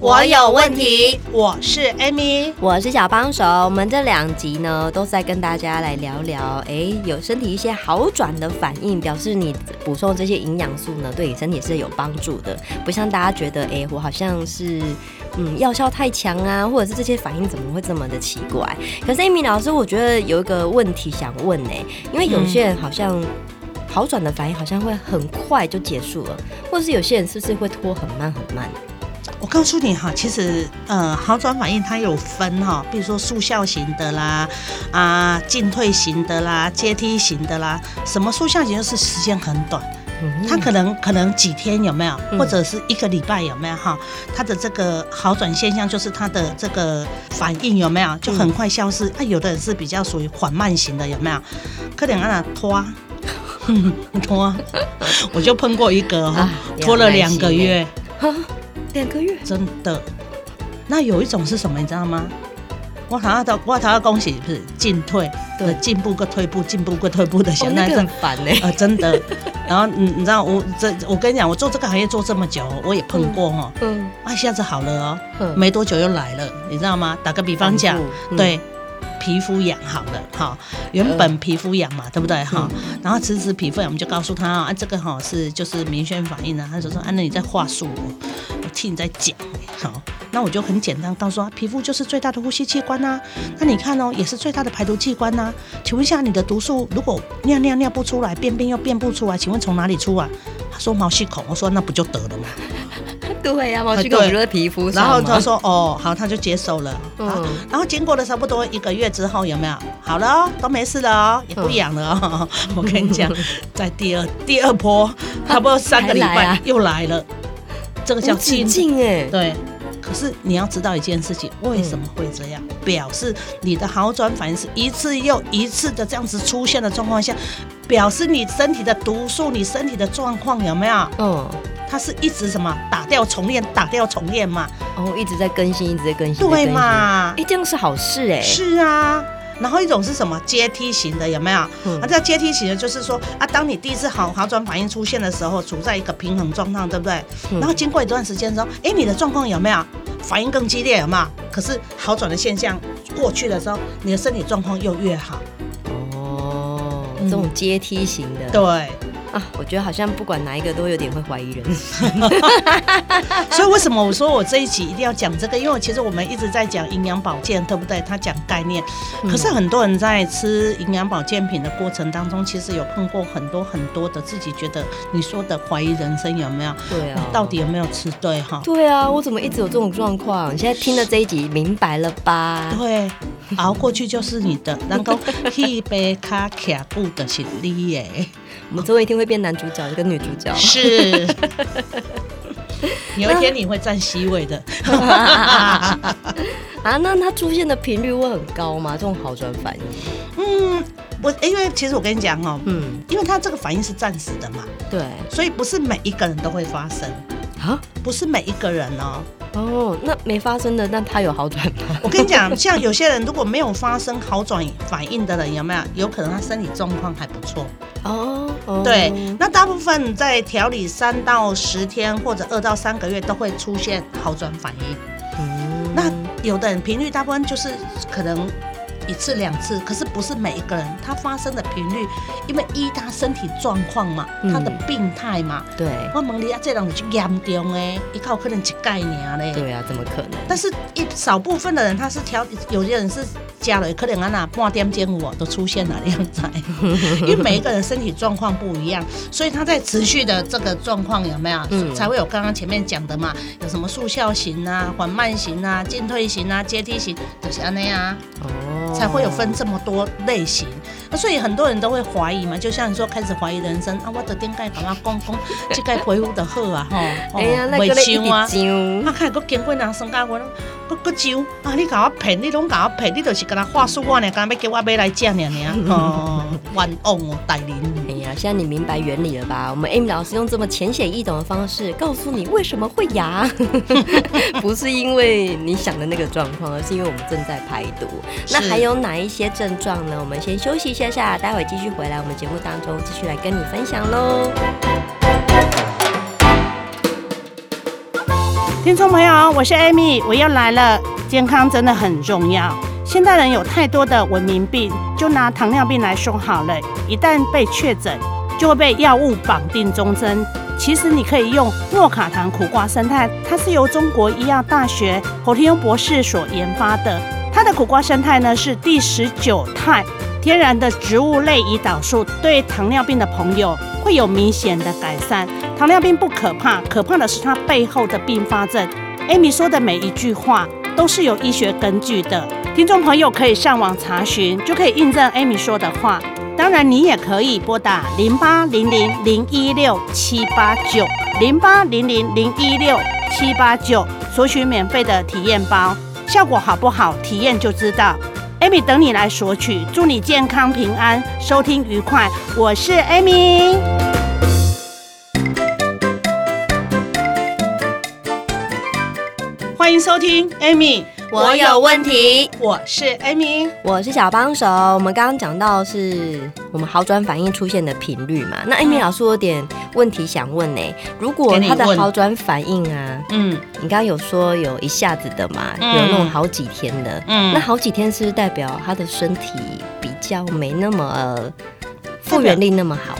我有問題，我是 Amy，我是小幫手。我們這兩集呢，都是在跟大家來聊聊，欸，有身體一些好轉的反應，表示你補充這些營養素呢，對你身體是有幫助的。不像大家覺得，欸，我好像是，嗯，藥效太強啊，或者是這些反應怎麼會這麼的奇怪？可是 Amy 老師，我覺得有一個問題想問呢，因為有些人好像好轉的反應好像會很快就結束了，或者是有些人是不是會拖很慢很慢？我告訴你哈，其實呃，好轉反應它有分哈，比如說速效型的啦，啊，進退型的啦，階梯型的啦，什麼速效型就是時間很短，它可能可能幾天有沒有，或者是一個禮拜有沒有哈，它的這個好轉現象就是它的這個反應有沒有就很快消失，那、嗯啊、有的人是比較屬於緩慢型的有沒有？可憐啊，拖， 拖， 我就碰過一個哈、哦，啊、拖了兩個月。兩個月真的，那有一種是什麼你知道嗎？我好像的，我好像恭喜不是進退的對、呃、進步個退步進步個退步的，現在正反嘞啊真的，然後你你知道我這我跟你講，我做這個行業做這麼久，我也碰過哈、嗯，嗯，啊，下次好了哦，嗯、沒多久又來了，你知道嗎？打個比方講，嗯嗯、對，皮膚癢好了，好、哦，原本皮膚癢嘛，呃、對不對哈？嗯、然後此時皮膚癢，我們就告訴他、哦、啊，這個哈、哦、是就是瞑眩反應呢、啊，他就說說啊，那你在話術。替你再講，好，那我就很簡單，到說皮膚就是最大的呼吸器官吶、啊，嗯、那你看哦，也是最大的排毒器官吶、啊。請問一下，你的毒素如果尿尿尿不出來，便便又便不出來，請問從哪裡出啊？他說毛細孔，我說那不就得了嗎？對呀、啊，毛細孔你說皮膚，然後他說哦，好，他就接受了、嗯啊。然後經過了差不多一個月之後，有沒有好了、哦？都沒事了哦，也不癢了哦。嗯、我跟你講，嗯、在第二第二波，差不多三個禮拜又來了。這個叫清靜哎，欸、對。可是你要知道一件事情，嗯、為什麼會這樣？表示你的好轉反應是一次又一次的這樣子出現的狀況下，表示你身體的毒素、你身體的狀況有沒有？嗯、哦，它是一直什麼打掉重練、打掉重練嘛？哦，一直在更新，一直在更新，對嘛？一定、欸、是好事哎、欸。是啊。然後一種是什麼階梯型的，有沒有？嗯、啊，這個、階梯型的就是說啊，當你第一次好好轉反應出現的時候，處在一個平衡狀態，對不對？嗯、然後經過一段時間的時候，誒，你的狀況有沒有反應更激烈？有沒有？可是好轉的現象過去的時候，你的身體狀況又越好。哦，這種階梯型的，嗯、對。啊，我覺得好像不管哪一個都有點會懷疑人生， 所以為什麼我說我這一集一定要講這個？因為其實我們一直在講營養保健，對不對？他講概念，可是很多人在吃營養保健品的過程當中，其實有碰過很多很多的自己覺得你說的懷疑人生有沒有？對啊，你到底有沒有吃對哈？對啊，我怎麼一直有這種狀況？嗯，你現在聽了這一集是明白了吧？對。熬過去就是你的，然後可以背卡卡布的行李耶。我們最後一天會變男主角，一個女主角。 是。有一天你會站 C 位的 啊。啊，那他出現的頻率會很高嗎？這種好轉反應？嗯，我，因為其實我跟你講哦、喔，嗯，因為他這個反應是暫時的嘛，對，所以不是每一個人都會發生啊，不是每一個人哦、喔。哦，oh, 那沒發生的，那他有好轉 我跟你講，像有些人如果沒有發生好轉反應的人，有沒有？有可能他身體狀況還不錯哦。Oh, oh. 對，那大部分在調理三到十天或者二到三個月都會出現好轉反應。嗯、mm，hmm. 那有的人頻率，大部分就是可能。一次兩次，可是不是每一個人他發生的頻率，因為一他身體狀況嘛，嗯、他的病態嘛，對。我蒙離亞這種已經嚴重誒，一靠可能去概念嘞。對啊，怎麼可能？但是一少部分的人他是挑，有些人是加了，可能啊哪半點結我都出現了樣子。 因為每一個人身體狀況不一樣，所以他在持續的這個狀況有沒有，嗯、才會有剛剛前面講的嘛，有什麼速效型啊、緩慢型啊、進退型啊、階梯型，就是那樣、啊。哦才會有分這麼多類型，所以很多人都會懷疑嘛。就像你說，開始懷疑人生，我我說、哦欸、啊，我到底該幹嘛？公公，我該回屋的喝啊，吼。哎呀，那叫你一直叫，啊，還佮經過人商家我咯，佮佮叫啊，你佮我騙，你攏佮我騙，你就是佮人話說我呢，佮人要叫我買來正呢呢。 哦，冤枉大人。現在你明白原理了吧？我們 Amy 老師用這麼淺顯易懂的方式告訴你為什麼會牙， 不是因為你想的那個狀況，而是因為我們正在排毒。是那還有哪一些症狀呢？我們先休息一下下，待會繼續回來，我們節目當中繼續來跟你分享嘍。聽眾朋友，我是艾米，我又來了，健康真的很重要。現代人有太多的文明病，就拿糖尿病來說好了，一旦被確診，就會被藥物綁定終身。其實你可以用諾卡糖苦瓜勝肽，它是由中國醫藥大學侯天庸博士所研發的。它的苦瓜勝肽呢，是第十九肽天然的植物類胰島素，對糖尿病的朋友會有明顯的改善。糖尿病不可怕，可怕的是它背後的併發症。Amy 說的每一句話，都是有醫學根據的，聽眾朋友可以上網查詢，就可以印證 Amy 說的話。當然，你也可以撥打零八零零零一六七八九零八零零零一六七八九，89, 89, 索取免費的體驗包，效果好不好，體驗就知道。Amy 等你來索取，祝你健康平安，收聽愉快。我是 Amy。收聽 Amy，我有問題。我，有問題。我是 Amy，我是小幫手。我們剛剛講到是我們好轉反應出現的頻率嘛。那 Amy 老師有點問題想問呢、欸。如果他的好轉反應啊，嗯，你剛剛有說有一下子的嘛，嗯、有那種好幾天的，嗯，那好幾天是不是代表他的身體比較沒那麼呃、復原力那麼好？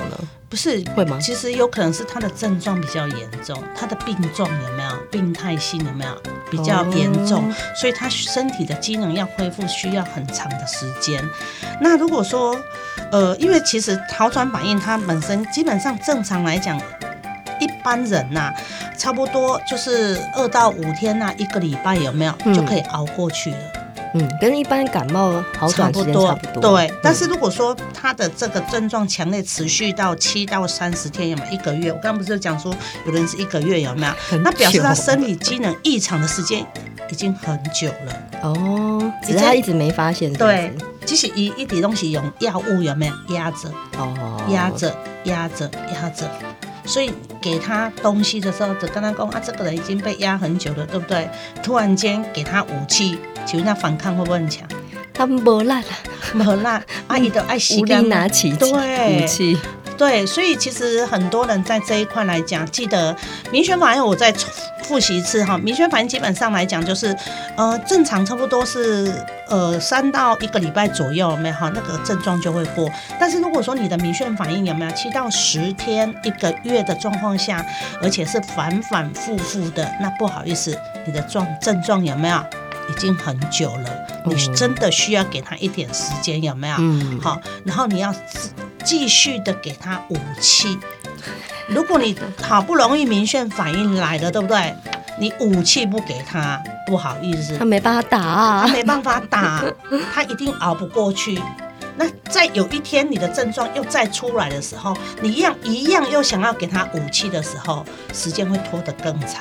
不是會嗎？其實有可能是他的症狀比較嚴重，他的病狀有沒有？病態性有沒有比較嚴重？哦嗯、所以他身體的機能要恢復需要很長的時間。那如果說，呃，因為其實好轉反應，它本身基本上正常來講，一般人吶、啊，差不多就是二到五天吶、啊，一個禮拜有沒有、嗯、就可以熬過去了。嗯，跟一般感冒好轉時間差不多，差不多。對，嗯，但是如果說他的這個症狀強烈持續到七到三十天，有沒有一個月？我剛剛不是講說有的人是一個月，有沒有？那表示他生理機能異常的時間已經很久了。哦，只是他一直沒發現是不是。對，其實一一點東西用藥物有沒有壓着？哦，壓着，壓着，壓着。所以給他東西的時候，就跟他講啊，這個人已經被壓很久了，對不對？突然間給他武器，請問他反抗會不會很強？他沒啦，沒啦，阿姨都愛惜的拿起，起對武器，對。所以其實很多人在這一塊來講，記得民選法院，我在。複習一次哈，瞑眩反應基本上來講就是，呃，正常差不多是呃三到一個禮拜左右，沒哈，那個症狀就會過。但是如果說你的瞑眩反應有沒有七到十天、一個月的狀況下，而且是反反复复的，那不好意思，你的狀症狀有沒有已經很久了？你真的需要給他一點時間有沒有？好，嗯，然後你要繼續的給他武器。如果你好不容易明顯反應來了，對不對？你武器不給他，不好意思，他沒辦法打啊，他沒辦法打，他一定熬不過去。那在有一天你的症狀又再出來的時候，你一樣一樣又想要給他武器的時候，時間會拖得更長。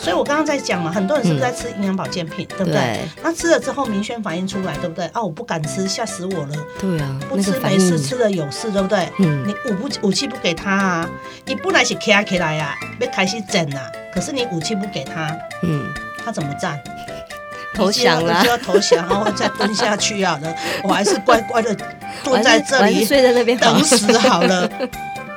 所以，我剛剛在講嘛，很多人是不是在吃營養保健品，嗯、對不對？對，那吃了之後，瞑眩反應出來，對不對？啊，我不敢吃，嚇死我了。對啊，不吃沒事，吃了有事，對不對？嗯。你武不武器不給他啊，你本來是起來起來呀，要開始整啊。可是你武器不給他，嗯，他怎麼站？你投降了就要投降，然後 再蹲下去好了。我還是乖乖的蹲在這裡，等死好了。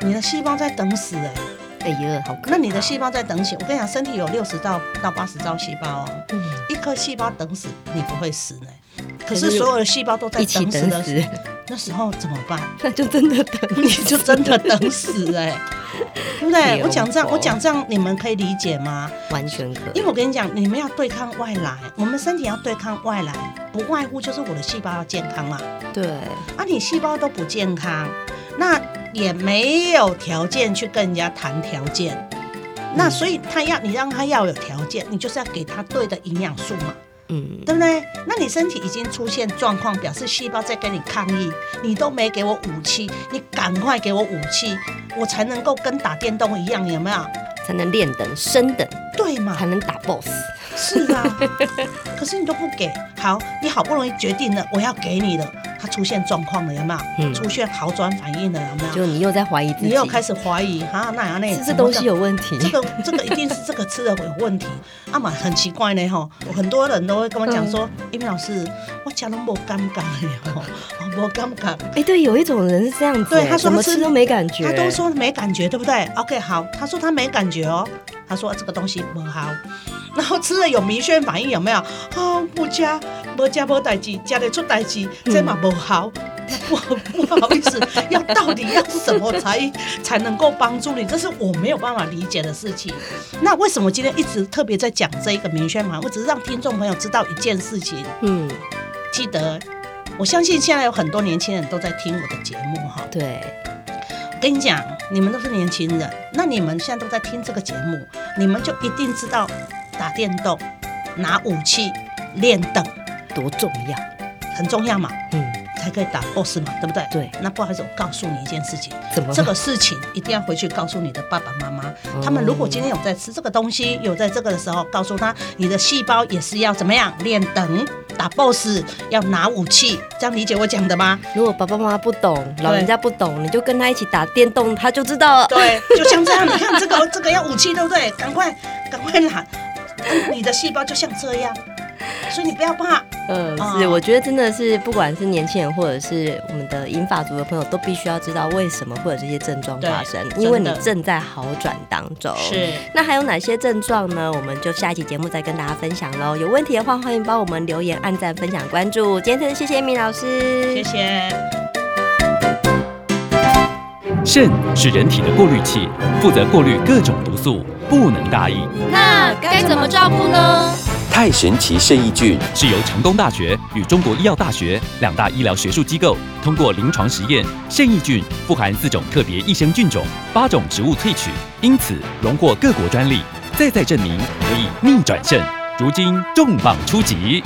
你的細胞在等死哎、欸。哎呀，耶，好可怕。那你的細胞在等死，我跟你講，身體有六十兆到八十兆細胞，喔，嗯、一顆細胞等死，你不會死呢、欸。嗯、可是所有的細胞都在的時候一起等死，那時候怎麼辦？那就真的等你的，你就真的等死哎、欸， 對不對？口我講這樣，我講這樣，你們可以理解嗎？完全可以。因為我跟你講，你們要對抗外來，我們身體要對抗外來，不外乎就是我的細胞要健康嘛。對。啊，你細胞都不健康，那。也沒有條件去跟人家談條件，嗯、那所以他要你讓他要有條件，你就是要給他對的營養素嘛，嗯，對不對？那你身體已經出現狀況，表示細胞在跟你抗議，你都沒給我武器，你趕快給我武器，我才能夠跟打電動一樣，有沒有？才能練等升等，對嘛？才能打 BOSS。是啊， 可是你都不給，好，你好不容易決定了，我要給你了。它出現狀況了有沒有？出現好轉反應了有沒有？就你又在懷疑，你又開始懷疑啊？那樣呢？吃這、東西、這東西有問題，這個這個一定是這個吃的有問題。 啊嘛很奇怪呢哈，很多人都會跟我講說，Amy、嗯、老師，我吃了冇感覺 沒冇感覺。哎、欸，對，有一種人是這樣子，對，他說他吃、吃都沒感覺，他都說沒感覺，對不對？OK，好，他說他沒感覺哦、喔。.他說這個東西不好，然後吃了有瞑眩反應有沒有啊？不、哦、加，不加無代誌，加里出代誌，這嘛不好。不、嗯、不好意思， 要到底要什麼才 才能夠幫助你？這是我沒有辦法理解的事情。那為什麼今天一直特別在講這個瞑眩反應？我只是讓聽眾朋友知道一件事情。嗯，記得，我相信現在有很多年輕人都在聽我的節目哈。對。我跟你講，你們都是年輕人，那你們現在都在聽這個節目，你們就一定知道打電動、拿武器、練等多重要，很重要嘛，嗯，才可以打 boss 嘛，對不對？對，那不好意思，我告訴你一件事情，怎麼這個事情一定要回去告訴你的爸爸媽媽，嗯、他們如果今天有在吃這個東西，有在這個的時候，告訴他你的細胞也是要怎麼樣練等。打 boss 要拿武器，這樣理解我講的嗎？如果爸爸媽媽不懂，老人家不懂，對不對？你就跟他一起打電動，他就知道了。對，就像這樣， 你看這個，這個要武器，對不對？趕快，趕快拿！你的細胞就像這樣。所以你不要怕，呃是，嗯、我覺得真的是，不管是年輕人或者是我們的銀髮族的朋友，都必須要知道為什麼會有這些症狀發生，因為你正在好轉當中。是，那還有哪些症狀呢？我們就下一期節目再跟大家分享嘍。有問題的話，歡迎幫我們留言、按讚、分享、關注。今天的謝謝 AMY 老師，謝謝。腎是人體的過濾器，負責過濾各種毒素，不能大意。那該怎麼照顧呢？太神奇腎益菌，是由成功大學與中國醫藥大學兩大醫療學術機構通過臨床實驗。腎益菌富含四種特別益生菌種、八種植物萃取，因此榮獲各國專利，再再證明可以逆轉腎。如今重磅出擊，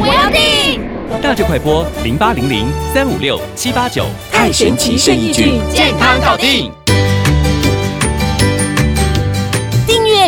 我要定，大致快播零八零零三五六七八九，太神奇腎益菌，健康搞定。